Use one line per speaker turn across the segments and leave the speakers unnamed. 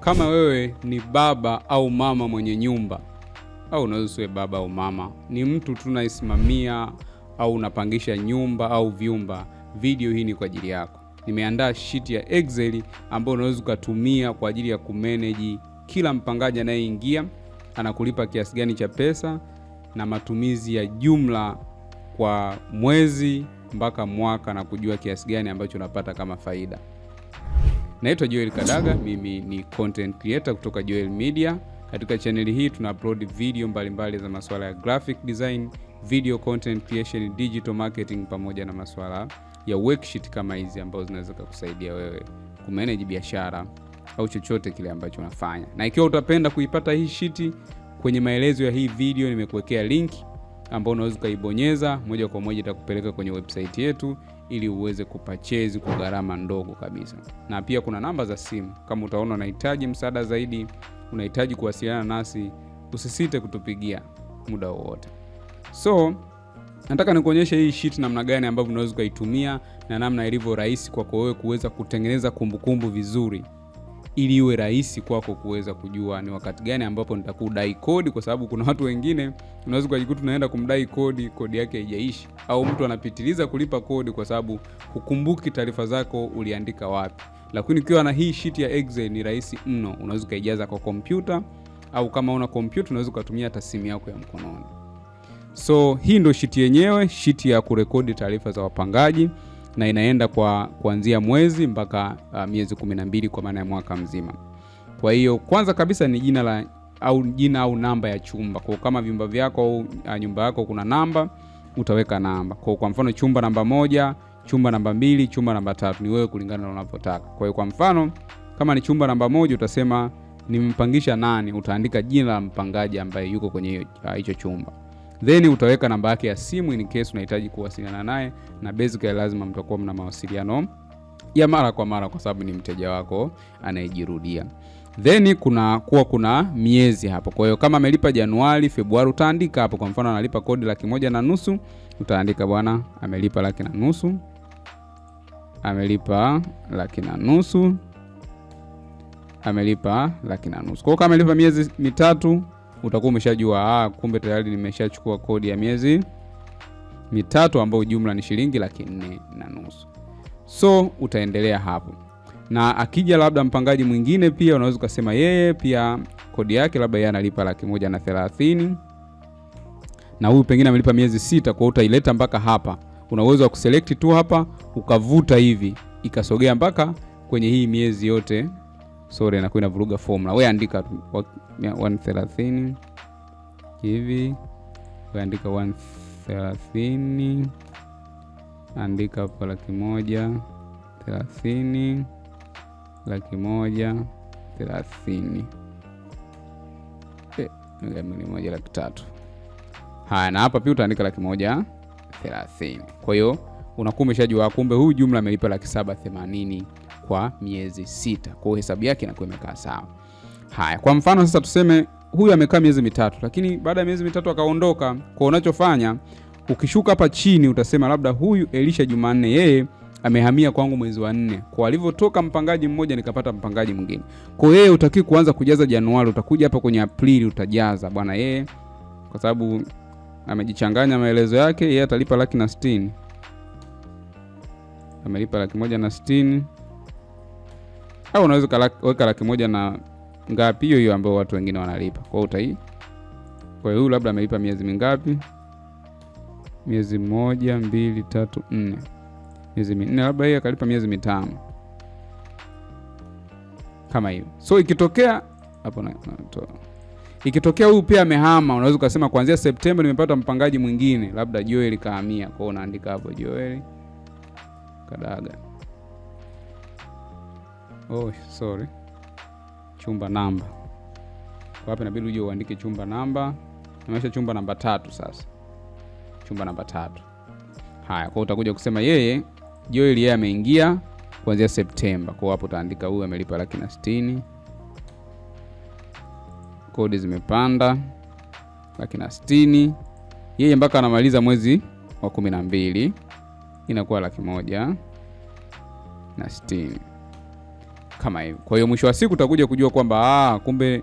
Kama wewe ni baba au mama mwenye nyumba, au unaweza usiwe baba au mama, ni mtu tunaisimamia au unapangisha nyumba au vyumba, video hii ni kwa ajili yako. Nimeandaa sheet ya Excel ambayo unaweza ukatumia kwa ajili ya kumeneji kila mpangaji anayeingia anakulipa kiasi gani cha pesa na matumizi ya jumla kwa mwezi mpaka mwaka, na kujua kiasi gani ambacho unapata kama faida. Naitwa Joel Kadaga, mimi ni content creator kutoka Joel Media. Katika chaneli hii tuna upload video mbalimbali mbali za masuala ya graphic design, video content creation, digital marketing pamoja na masuala ya worksheet kama hizi ambazo zinaweza kukusaidia wewe kumanage biashara au chochote kile ambacho unafanya. Na ikiwa utapenda kuipata hii shiti, kwenye maelezo ya hii video nimekuwekea link ambao unaweza ukaibonyeza moja kwa moja, itakupeleka kwenye website yetu ili uweze kupachezi kwa gharama ndogo kabisa. Na pia kuna namba za simu, kama utaona unahitaji msaada zaidi, unahitaji kuwasiliana nasi, usisite kutupigia muda wowote. So nataka nikuonyeshe hii shit namna gani ambavyo unaweza ukaitumia na namna ilivyo rahisi kwako wewe kuweza kutengeneza kumbukumbu vizuri ili iwe rahisi kwako kuweza kujua ni wakati gani ambapo nitakudai kodi, kwa sababu kuna watu wengine unaweza ukajikuta unaenda kumdai kodi, kodi yake haijaishi, au mtu anapitiliza kulipa kodi kwa sababu hukumbuki taarifa zako uliandika wapi. Lakini ukiwa na hii sheet ya Excel ni rahisi mno, unaweza ukaijaza kwa kompyuta au kama una kompyuta unaweza ukatumia hata simu yako ya mkononi. So hii ndio sheet yenyewe, sheet ya kurekodi taarifa za wapangaji na inaenda kwa kuanzia mwezi mpaka uh, miezi 12 kwa maana ya mwaka mzima. Kwa hiyo kwanza kabisa ni jina la au jina au namba ya chumba. Kwa kama vyumba vyako au uh, nyumba yako kuna namba, utaweka namba. Kwa kwa mfano chumba namba moja, chumba namba mbili, chumba namba tatu ni wewe kulingana na unavyotaka. Kwa hiyo kwa mfano kama ni chumba namba moja utasema nimpangisha nani, utaandika jina la mpangaji ambaye yuko kwenye uh, hicho uh, chumba then utaweka namba yake ya simu in case unahitaji kuwasiliana naye, na basically lazima mtakuwa mna mawasiliano ya mara kwa mara kwa sababu ni mteja wako anayejirudia. Then kuna kuwa kuna miezi hapo. Kwa hiyo kama amelipa Januari, Februari utaandika hapo. Kwa mfano analipa kodi laki moja na nusu, utaandika bwana amelipa laki na nusu, amelipa laki na nusu, amelipa laki na nusu. Kwa hiyo kama amelipa miezi mitatu utakuwa umeshajua ah, kumbe tayari nimeshachukua kodi ya miezi mitatu ambayo jumla ni shilingi laki nne na nusu. So utaendelea hapo, na akija labda mpangaji mwingine pia unaweza ukasema yeye pia kodi yake labda yeye analipa laki moja na thelathini na huyu pengine amelipa miezi sita, kwao utaileta mpaka hapa. Una uwezo wa kuselekti tu hapa ukavuta hivi ikasogea mpaka kwenye hii miezi yote sorry, inakuwa inavuruga formula. We andika tu 130 hivi, we andika 130, andika hapo laki moja thelathini, laki moja thelathini milioni eh, moja laki tatu. Haya, na hapa pia utaandika laki moja thelathini. Kwa hiyo unakuwa umeshajua kumbe huyu jumla amelipa laki saba themanini kwa miezi sita. Kwa hiyo hesabu yake inakuwa imekaa sawa. Haya, kwa mfano sasa tuseme huyu amekaa miezi mitatu, lakini baada ya miezi mitatu akaondoka. Kwa unachofanya ukishuka hapa chini utasema labda huyu Elisha Jumanne yeye amehamia kwangu mwezi wa nne, kwa alivyotoka mpangaji mmoja nikapata mpangaji mwingine. Kwa hiyo yeye utaki kuanza kujaza Januari, utakuja hapa kwenye Aprili utajaza bwana yeye, kwa sababu amejichanganya maelezo yake. Yeye atalipa laki na sitini, amelipa laki moja na sitini au unaweza ukaweka laki moja na ngapi hiyo hiyo ambayo watu wengine wanalipa. Kwa hiyo utai, kwa hiyo huyu labda amelipa miezi mingapi? Miezi moja, mbili, tatu, nne, miezi minne, labda yeye akalipa miezi mitano kama hiyo. So ikitokea hapo na, ikitokea huyu pia amehama, unaweza ukasema kuanzia Septemba nimepata mpangaji mwingine, labda Joel kahamia. Kwa hiyo unaandika hapo Joel Kadaga oh, sorry, chumba namba. Kwa hapa inabidi uje uandike chumba namba, namaisha chumba namba tatu. Sasa chumba namba tatu, haya kwa utakuja kusema yeye Joel yeye ameingia kuanzia Septemba. Kwa hapo utaandika huyu amelipa laki na sitini, kodi zimepanda laki na stini yeye mpaka anamaliza mwezi wa kumi na mbili inakuwa laki moja na stini kama hivyo. Kwa hiyo mwisho wa siku utakuja kujua kwamba ah, kumbe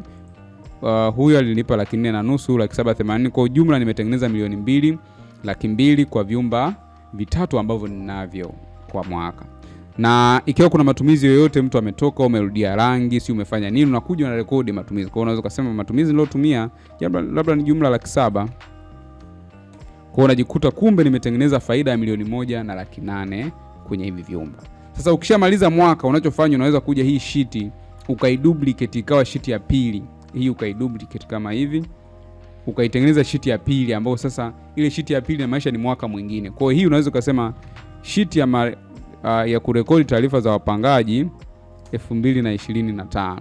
uh, huyu alinipa laki nne na nusu, laki saba themanini. Kwa ujumla nimetengeneza milioni mbili laki mbili kwa vyumba vitatu ambavyo ninavyo kwa mwaka. Na ikiwa kuna matumizi yoyote, mtu ametoka, umerudia rangi, si umefanya nini, unakuja na rekodi matumizi. Kwa hiyo unaweza kusema matumizi niliotumia labda ni jumla laki saba kwa unajikuta kumbe nimetengeneza faida ya milioni moja na laki nane kwenye hivi vyumba. Sasa ukishamaliza mwaka, unachofanya unaweza kuja hii shiti ukaiduplicate ikawa shiti ya pili, hii ukaiduplicate kama hivi ukaitengeneza shiti ya pili ambayo sasa ile shiti ya pili na maisha ni mwaka mwingine. Kwa hiyo hii unaweza ukasema shiti ya, uh, ya kurekodi taarifa za wapangaji 2025.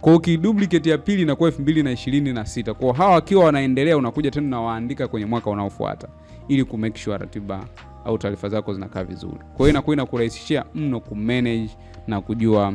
Kwa ukiduplicate ya pili inakuwa 2026. Kwa hawa wakiwa wanaendelea unakuja tena unawaandika kwenye mwaka unaofuata ili ku make sure ratiba au taarifa zako zinakaa vizuri. Kwa hiyo inakuwa inakurahisishia mno ku manage na kujua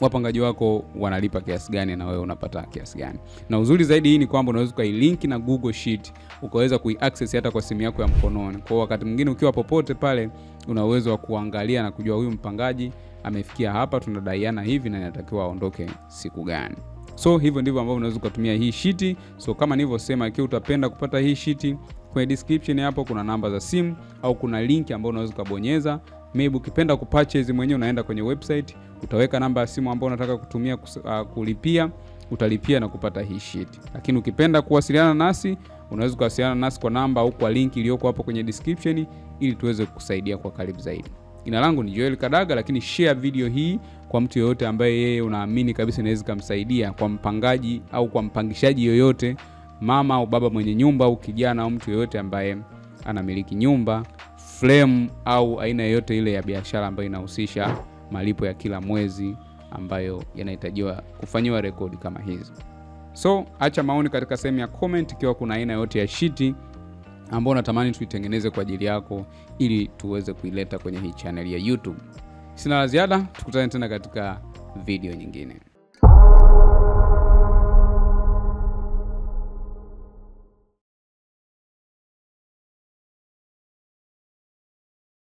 wapangaji wako wanalipa kiasi gani na wewe unapata kiasi gani. Na uzuri zaidi hii ni kwamba unaweza ukailink na Google Sheet ukaweza kuiaccess hata kwa simu yako ya mkononi. Kwa wakati mwingine ukiwa popote pale, una uwezo wa kuangalia na kujua huyu mpangaji amefikia hapa, tunadaiana hivi na inatakiwa aondoke siku gani. So hivyo ndivyo ambavyo unaweza ukatumia hii shiti. So kama nilivyosema, ikiwa utapenda kupata hii shiti, kwenye description hapo kuna namba za simu au kuna link ambayo unaweza ukabonyeza. Maybe ukipenda kupurchase mwenyewe, unaenda kwenye website, utaweka namba ya simu ambayo unataka kutumia uh, kulipia utalipia na kupata hii sheet. Lakini ukipenda kuwasiliana nasi unaweza kuwasiliana nasi kwa namba au kwa linki iliyoko hapo kwenye description ili tuweze kukusaidia kwa karibu zaidi. Jina langu ni Joel Kadaga, lakini share video hii kwa mtu yoyote ambaye yeye unaamini kabisa inaweza kumsaidia, kwa mpangaji au kwa mpangishaji yoyote, mama au baba mwenye nyumba au kijana au mtu yoyote ambaye anamiliki nyumba flame au aina yoyote ile ya biashara ambayo inahusisha malipo ya kila mwezi ambayo yanahitajiwa kufanyiwa rekodi kama hizi. So acha maoni katika sehemu ya comment ikiwa kuna aina yoyote ya shiti ambao unatamani tuitengeneze kwa ajili yako ili tuweze kuileta kwenye hii chaneli ya YouTube. Sina la ziada, tukutane tena katika video nyingine.